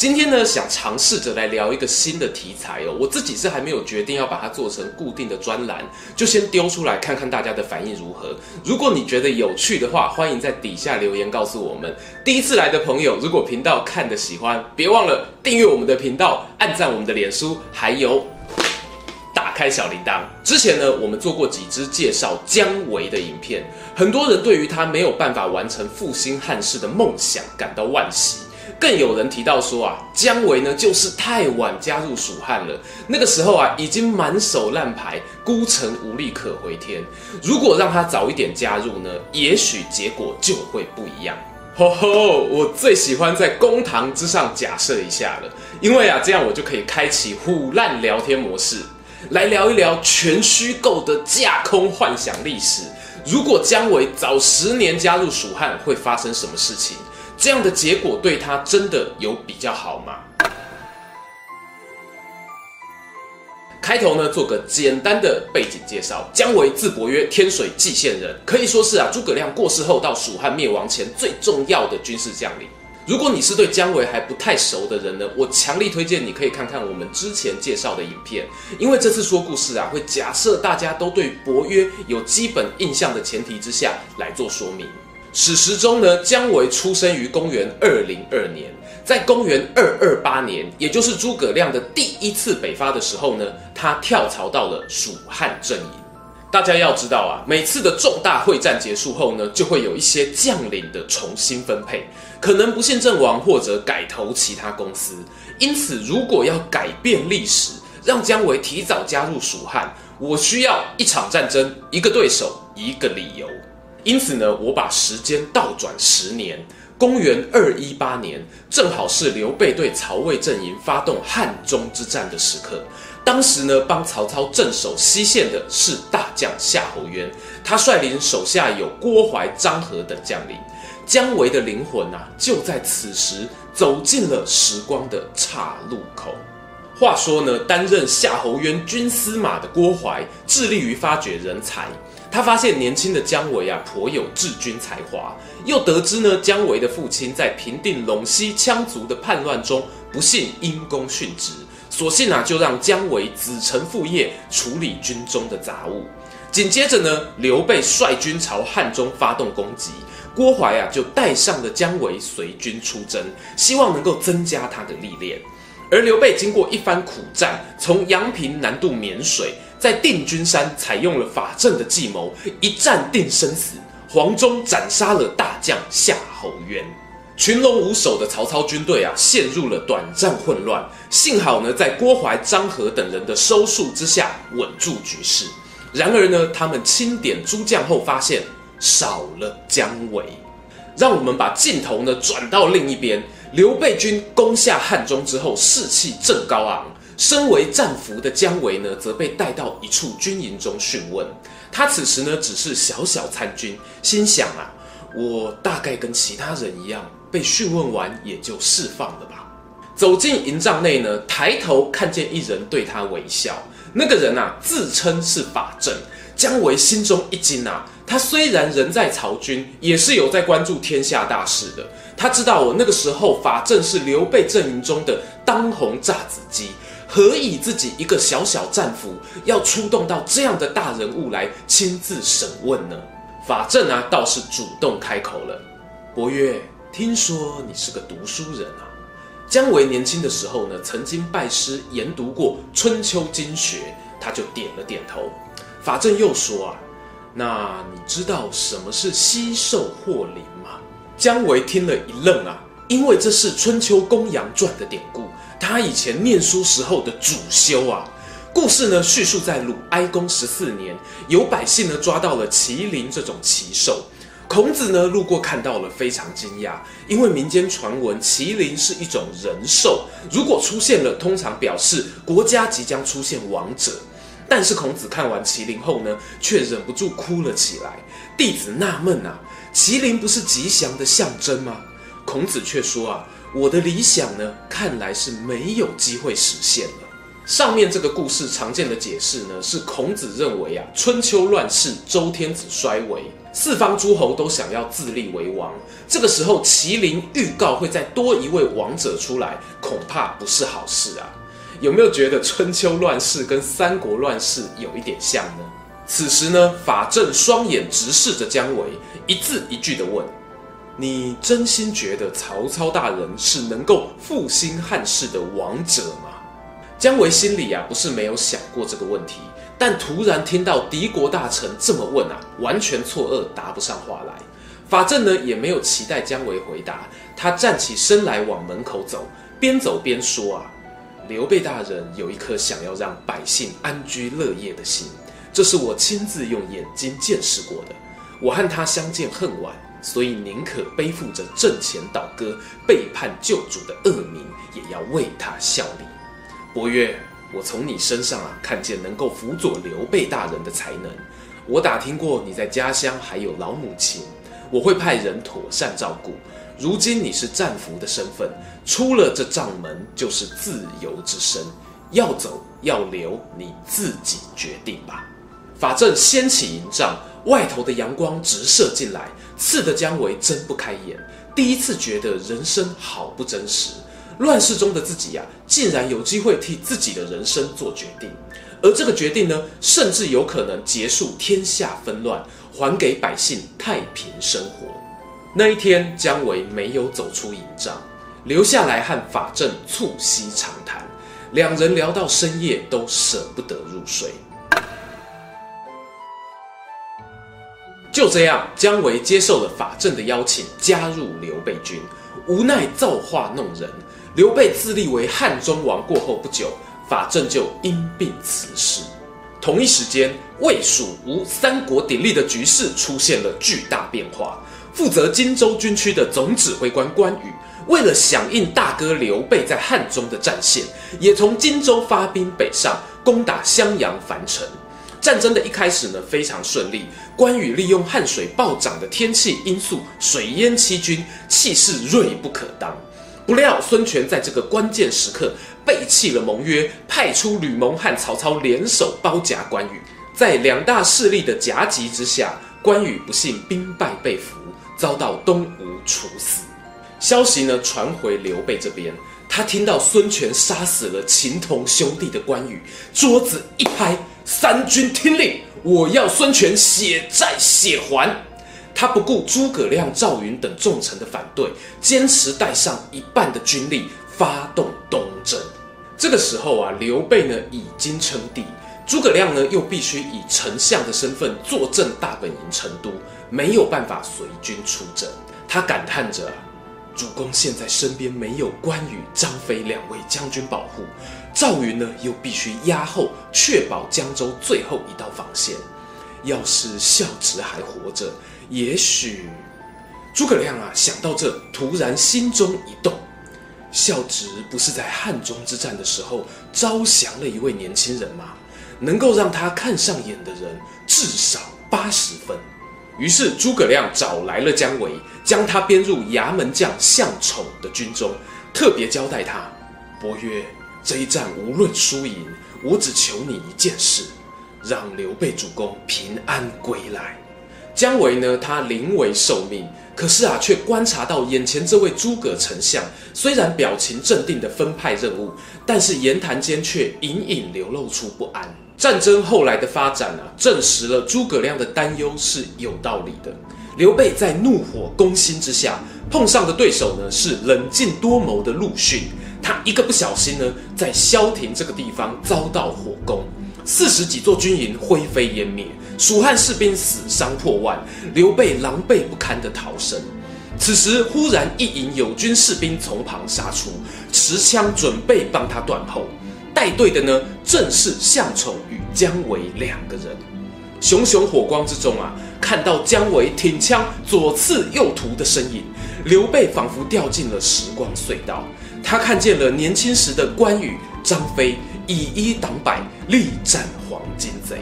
今天呢，想嘗試着來聊一個新的題材哦。我自己是還沒有決定要把它做成固定的專欄，就先丟出來看看大家的反應如何。如果你覺得有趣的話，歡迎在底下留言告訴我們。第一次來的朋友，如果頻道看得喜歡，別忘了訂閱我們的頻道，按讚我們的臉書，還有打開小鈴鐺。之前呢，我們做過幾支介紹姜維的影片，很多人對於他沒有辦法完成復興漢室的夢想感到惋惜。更有人提到說啊，姜維呢就是太晚加入蜀漢了，那個時候啊已經滿手爛牌，孤城無力可回天。如果讓他早一點加入呢，也許結果就會不一樣。吼吼，我最喜歡在公堂之上假設一下了，因為啊這樣我就可以開啟唬爛聊天模式，來聊一聊全虛構的架空幻想歷史。如果姜維早十年加入蜀漢，會發生什麼事情？這樣的結果對他真的有比較好嗎？開頭呢，做個簡單的背景介紹。姜維，字伯約，天水冀縣人，可以說是啊，諸葛亮過世後到蜀漢滅亡前最重要的軍事將領。如果你是對姜維還不太熟的人呢，我強力推薦你可以看看我們之前介紹的影片，因為這次說故事啊，會假設大家都對伯約有基本印象的前提之下來做說明。史實中呢，姜維出生於公元二零二年，在公元二二八年，也就是諸葛亮的第一次北伐的時候呢，他跳槽到了蜀漢陣營。大家要知道啊，每次的重大會戰結束後呢，就會有一些將領的重新分配，可能不幸陣亡或者改投其他公司。因此，如果要改變歷史，讓姜維提早加入蜀漢，我需要一場戰爭、一個對手、一個理由。因此呢，我把時間倒轉十年，公元二一八年，正好是劉備對曹魏陣營發動漢中之戰的時刻。當時呢，幫曹操鎮守西線的是大將夏侯淵，他率領手下有郭淮、張郃等將領。姜維的靈魂啊，就在此時走進了時光的岔路口。話說呢，擔任夏侯淵軍司馬的郭淮，致力於發掘人才。他發現年輕的姜維啊，頗有治軍才華，又得知呢，姜維的父親在平定隴西羌族的叛亂中不幸因公殉職，索性啊，就讓姜維子承父業，處理軍中的雜物。緊接着呢，劉備率軍朝漢中發動攻擊，郭淮啊，就帶上了姜維隨軍出征，希望能夠增加他的歷練。而劉備經過一番苦戰，從陽平南渡沔水。在定軍山採用了法正的計謀，一戰定生死。黃忠斬殺了大將夏侯淵，群龍無首的曹操軍隊啊，陷入了短暫混亂。幸好呢，在郭淮、張郃等人的收束之下，穩住局勢。然而呢，他們清點諸將後發現少了姜維。讓我們把鏡頭呢轉到另一邊，劉備軍攻下漢中之後，士氣正高昂。身為戰俘的姜維呢，則被帶到一處軍營中訊問。他此時呢，只是小小參軍，心想啊，我大概跟其他人一樣，被訊問完也就釋放了吧。走進營帳內呢，抬頭看見一人對他微笑。那個人啊，自稱是法正。姜維心中一驚啊，他雖然人在曹軍，也是有在關注天下大事的。他知道，我那個時候法正是劉備陣營中的當紅炸子雞。何以自己一個小小戰俘要出動到這樣的大人物來親自審問呢？法正啊，倒是主動開口了。伯約，聽說你是個讀書人啊。姜維年輕的時候呢，曾經拜師研讀過《春秋》經學，他就點了點頭。法正又說啊，那你知道什麼是“西狩獲麟”嗎？姜維聽了一愣啊，因為這是《春秋公羊傳》的典故。他以前念書時候的主修啊，故事呢敘述在魯哀公十四年，有百姓呢抓到了麒麟這種奇獸，孔子呢路過看到了，非常驚訝，因為民間傳聞麒麟是一種仁獸，如果出現了，通常表示國家即將出現王者。但是孔子看完麒麟後呢，卻忍不住哭了起來。弟子納悶啊，麒麟不是吉祥的象徵嗎？孔子卻說啊，我的理想呢，看來是沒有機會實現了。上面這個故事常見的解釋呢，是孔子認為啊，春秋亂世，周天子衰微，四方諸侯都想要自立為王。這個時候，麒麟預告會再多一位王者出來，恐怕不是好事啊。有沒有覺得春秋亂世跟三國亂世有一點像呢？此時呢，法正雙眼直視着姜維，一字一句地問。你真心覺得曹操大人是能夠復興漢室的王者嗎？姜維心裡啊，不是沒有想過這個問題，但突然聽到敵國大臣這麼問啊，完全錯愕，答不上話來。法正呢，也沒有期待姜維回答，他站起身來往門口走，邊走邊說啊：“劉備大人有一顆想要讓百姓安居樂業的心，這是我親自用眼睛見識過的。我和他相見恨晚。”所以寧可背負着陣前倒戈、背叛舊主的惡名，也要為他效力。伯約，我從你身上啊，看見能夠輔佐劉備大人的才能。我打聽過你在家鄉還有老母親，我會派人妥善照顧。如今你是戰俘的身份，出了這帳門就是自由之身，要走要留你自己決定吧！法正掀起營帳，外頭的陽光直射進來。刺得姜維睜不開眼，第一次覺得人生好不真實。亂世中的自己呀，竟然有機會替自己的人生做決定，而這個決定呢，甚至有可能結束天下紛亂，還給百姓太平生活。那一天，姜維沒有走出營帳，留下來和法正促膝長談，兩人聊到深夜，都捨不得入睡。就這樣，姜維接受了法正的邀請，加入劉備軍。無奈造化弄人，劉備自立為漢中王過後不久，法正就因病辭世。同一時間，魏蜀吳三國鼎立的局勢出現了巨大變化。負責荊州軍區的總指揮官關羽，為了響應大哥劉備在漢中的戰線，也從荊州發兵北上，攻打襄陽樊城。戰爭的一開始呢，非常順利。關羽利用漢水暴漲的天氣因素，水淹七軍，氣勢銳不可當。不料孫權在這個關鍵時刻背棄了盟約，派出呂蒙和曹操聯手包夾關羽。在兩大勢力的夾擊之下，關羽不幸兵敗被俘，遭到東吳處死。消息呢傳回劉備這邊，他聽到孫權殺死了情同兄弟的關羽，桌子一拍。三軍聽令，我要孫權血債血還。他不顧諸葛亮、趙雲等重臣的反對，堅持帶上一半的軍力發動東征。這個時候啊，劉備呢已經稱帝，諸葛亮呢又必須以丞相的身份坐鎮大本營成都，沒有辦法隨軍出征。他感嘆着。主公現在身邊沒有關羽、張飛兩位將軍保護，趙雲呢又必須壓後，確保江州最後一道防線。要是孝直還活着，也許……諸葛亮啊，想到這，突然心中一動。孝直不是在漢中之戰的時候招降了一位年輕人嗎？能夠讓他看上眼的人，至少八十分。於是諸葛亮找來了姜維。將他編入牙門將向寵的軍中，特別交代他：“伯約，這一戰無論輸贏，我只求你一件事，讓劉備主公平安歸來。”姜維呢，他臨危受命，可是啊，卻觀察到眼前這位諸葛丞相，雖然表情鎮定的分派任務，但是言談間卻隱隱流露出不安。戰爭後來的發展啊，證實了諸葛亮的擔憂是有道理的。劉備在怒火攻心之下，碰上的對手呢，是冷靜多謀的陸遜。他一個不小心呢，在猇亭這個地方遭到火攻，四十幾座軍營灰飛煙滅，蜀漢士兵死傷破萬，劉備狼狽不堪的逃生。此時忽然一營友軍士兵從旁殺出，持槍準備幫他斷後，帶隊的呢正是向寵與姜維兩個人。熊熊火光之中啊！看到姜維挺槍左刺右突的身影，劉備仿佛掉進了時光隧道。他看見了年輕時的關羽、張飛，以一擋百，力戰黃巾賊。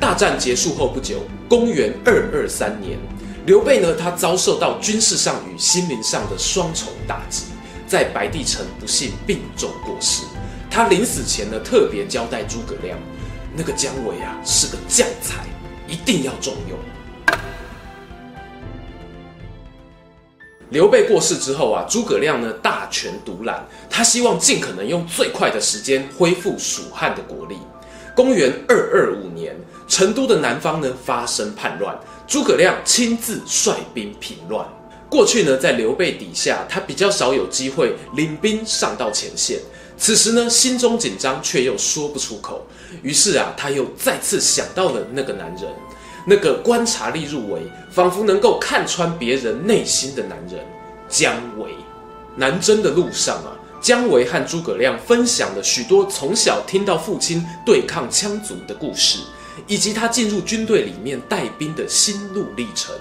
大戰結束後不久，公元二二三年，劉備呢，他遭受到軍事上與心靈上的雙重打擊，在白帝城不幸病重過世。他臨死前呢，特別交代諸葛亮，那個姜維啊，是個將才，一定要重用。劉備過世之後啊，諸葛亮呢，大權獨攬，他希望盡可能用最快的時間恢復蜀漢的國力。公元二二五年，成都的南方呢，發生叛亂，諸葛亮親自率兵平亂。過去呢，在劉備底下，他比較少有機會領兵上到前線。此時呢，心中緊張卻又說不出口，於是啊，他又再次想到了那個男人。那個觀察力入微，仿佛能夠看穿別人內心的男人，姜維。南征的路上啊，姜維和諸葛亮分享了許多從小聽到父親對抗羌族的故事，以及他進入軍隊裡面帶兵的心路歷程。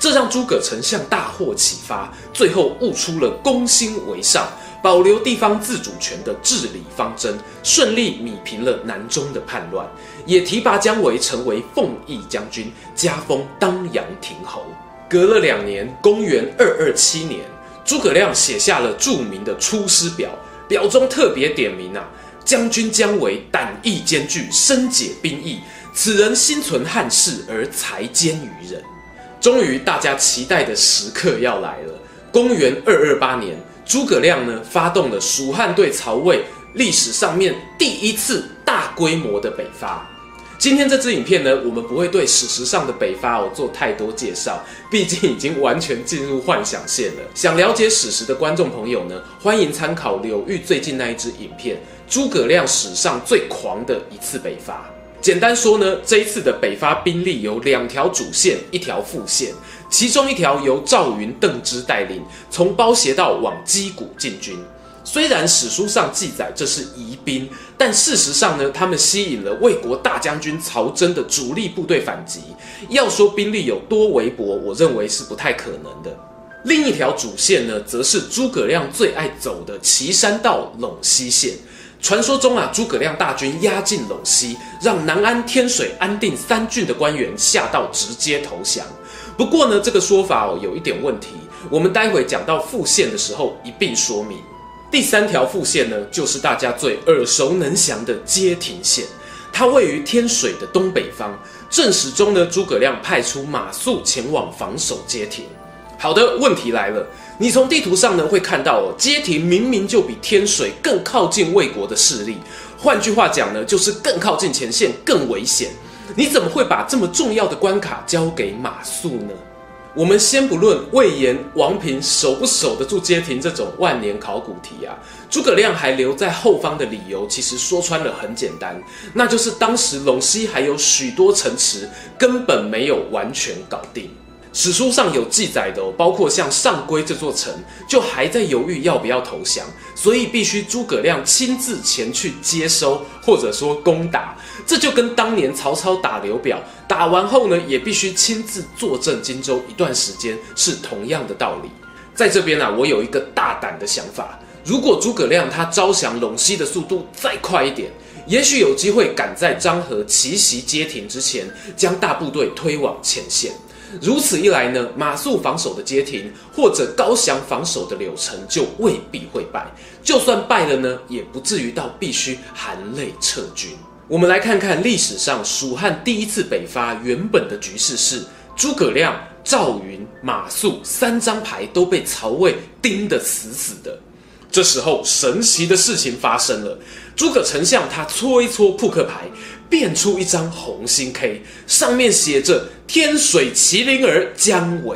這讓諸葛丞相大獲啟發，最後悟出了“攻心為上，保留地方自主權”的治理方針，順利弭平了南中的叛亂，也提拔姜維成為奉義將軍，加封當陽亭侯。隔了兩年，公元二二七年，諸葛亮寫下了著名的《出師表》，表中特別點名啊，將軍姜維膽義兼具，深解兵意，此人心存漢室而才兼於人。終於，大家期待的時刻要來了。公元二二八年，諸葛亮呢發動了蜀漢對曹魏歷史上面第一次大規模的北伐。今天這支影片呢，我們不會對史實上的北伐哦做太多介紹，畢竟已經完全進入幻想線了。想了解史實的觀眾朋友呢，歡迎參考柳豫最近那一支影片《諸葛亮史上最狂的一次北伐》。簡單說呢，這一次的北伐兵力有兩條主線，一條副線，其中一條由趙雲、鄧芝帶領，從褒斜道往箕谷進軍。雖然史書上記載這是疑兵，但事實上呢，他們吸引了魏國大將軍曹真的主力部隊反擊。要說兵力有多微薄，我認為是不太可能的。另一條主線呢，則是諸葛亮最愛走的祁山道、隴西線。傳說中啊，諸葛亮大軍壓境隴西，讓南安、天水、安定三郡的官員嚇到直接投降。不過呢，這個說法哦有一點問題，我們待會講到複線的時候一並說明。第三條複線呢，就是大家最耳熟能詳的街亭線，它位於天水的東北方。正史中呢，諸葛亮派出馬謖前往防守街亭。好的，問題來了，你從地圖上呢會看到哦，街亭明明就比天水更靠近魏國的勢力，換句話講呢，就是更靠近前線，更危險。你怎麼會把這麼重要的關卡交給馬謖呢？我們先不論魏延、王平守不守得住街亭這種萬年考古題啊，諸葛亮還留在後方的理由，其實說穿了很簡單，那就是當時隴西還有許多城池根本沒有完全搞定。史書上有記載的、哦，包括像上邽這座城，就還在猶豫要不要投降，所以必須諸葛亮親自前去接收，或者說攻打。這就跟當年曹操打劉表，打完後呢，也必須親自坐鎮荊州一段時間，是同樣的道理。在這邊呢、啊，我有一個大膽的想法：如果諸葛亮他招降隴西的速度再快一點，也許有機會趕在張郃奇襲街亭之前，將大部隊推往前線。如此一來呢，馬謖防守的街亭或者高翔防守的柳城就未必會敗，就算敗了呢，也不至於到必須含淚撤軍。我們來看看歷史上蜀漢第一次北伐原本的局勢是諸葛亮、趙雲、馬謖三張牌都被曹魏盯得死死的，這時候神奇的事情發生了。諸葛丞相他搓一搓撲克牌，變出一張紅心 K，上面寫着“天水麒麟兒薑維”。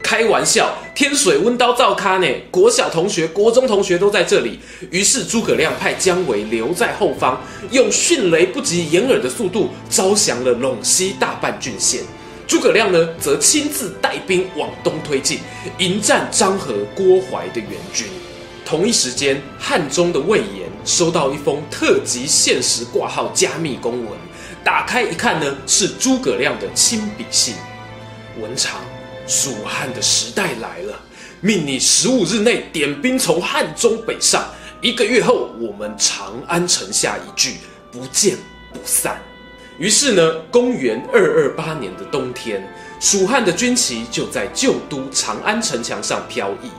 開玩笑，天水溫刀造咖呢，國小同學、國中同學都在這裡。於是諸葛亮派薑維留在後方，用迅雷不及掩耳的速度招降了隴西大半郡縣。諸葛亮呢，則親自帶兵往東推進，迎戰張郃、郭淮的援軍。同一時間，漢中的魏延。收到一封特急限時掛號加密公文，打開一看呢，是諸葛亮的親筆信。文長，蜀漢的時代來了，命你十五日內點兵從漢中北上，一個月後，我們長安城下一聚，不見不散。於是呢，公元二二八年的冬天，蜀漢的軍旗就在舊都長安城牆上飄逸。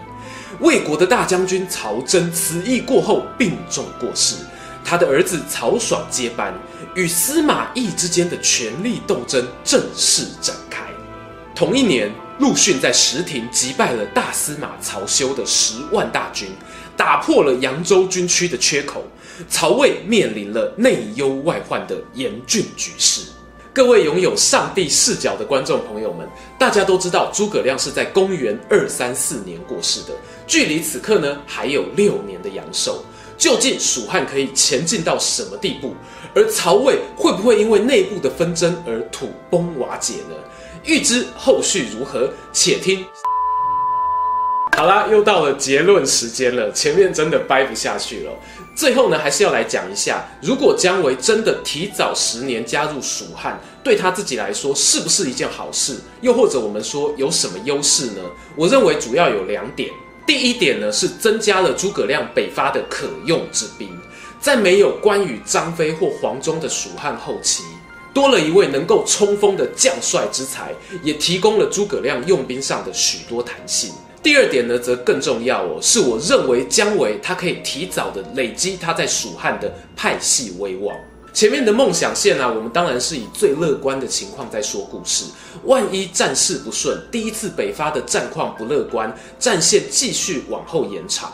魏國的大將軍曹真此役過後病重過世，他的兒子曹爽接班，與司馬懿之間的權力鬥爭正式展開。同一年，陸遜在石亭擊敗了大司馬曹休的十萬大軍，打破了揚州軍區的缺口，曹魏面臨了內憂外患的嚴峻局勢。各位擁有上帝視角的觀眾朋友們，大家都知道諸葛亮是在公元二三四年過世的，距離此刻呢，還有六年的陽壽。究竟蜀漢可以前進到什麼地步？而曹魏會不會因為內部的紛爭而土崩瓦解呢？欲知後續如何，且聽。好啦，又到了結論時間了，前面真的掰不下去了。最後呢，還是要來講一下，如果姜維真的提早十年加入蜀漢，對他自己來說是不是一件好事？又或者我們說有什麼優勢呢？我認為主要有兩點。第一點呢，是增加了諸葛亮北伐的可用之兵，在沒有關羽、張飛或黃忠的蜀漢後期，多了一位能夠衝鋒的將帥之才，也提供了諸葛亮用兵上的許多彈性。第二點呢，則更重要哦，是我認為姜維他可以提早地累積他在蜀漢的派系威望。前面的夢想線呢、啊，我們當然是以最樂觀的情況在說故事。萬一戰事不順，第一次北伐的戰況不樂觀，戰線繼續往後延長，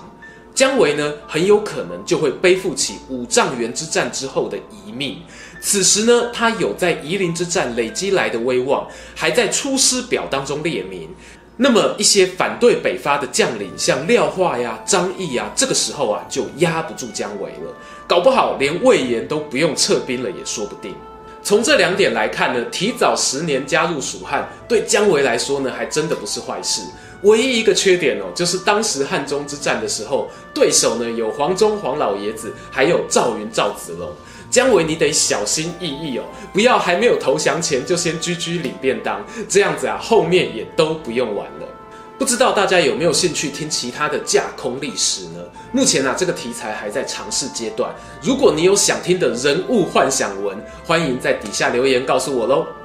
姜維呢，很有可能就會背負起五丈原之戰之後的遺命。此時呢，他有在夷陵之戰累積來的威望，還在出師表當中列名。那麼一些反對北伐的將領，像廖化呀、張翼呀，這個時候啊就壓不住姜維了，搞不好連魏延都不用撤兵了也說不定。從這兩點來看呢，提早十年加入蜀漢，對姜維來說呢，還真的不是壞事。唯一一個缺點哦，就是當時漢中之戰的時候，對手呢有黃忠黃老爺子，還有趙雲趙子龍。姜維，你得小心翼翼哦，不要還沒有投降前就先 GG 領便當，這樣子啊，後面也都不用玩了。不知道大家有沒有興趣聽其他的架空歷史呢？目前啊，這個題材還在嘗試階段。如果你有想聽的人物幻想文，歡迎在底下留言告訴我嘍。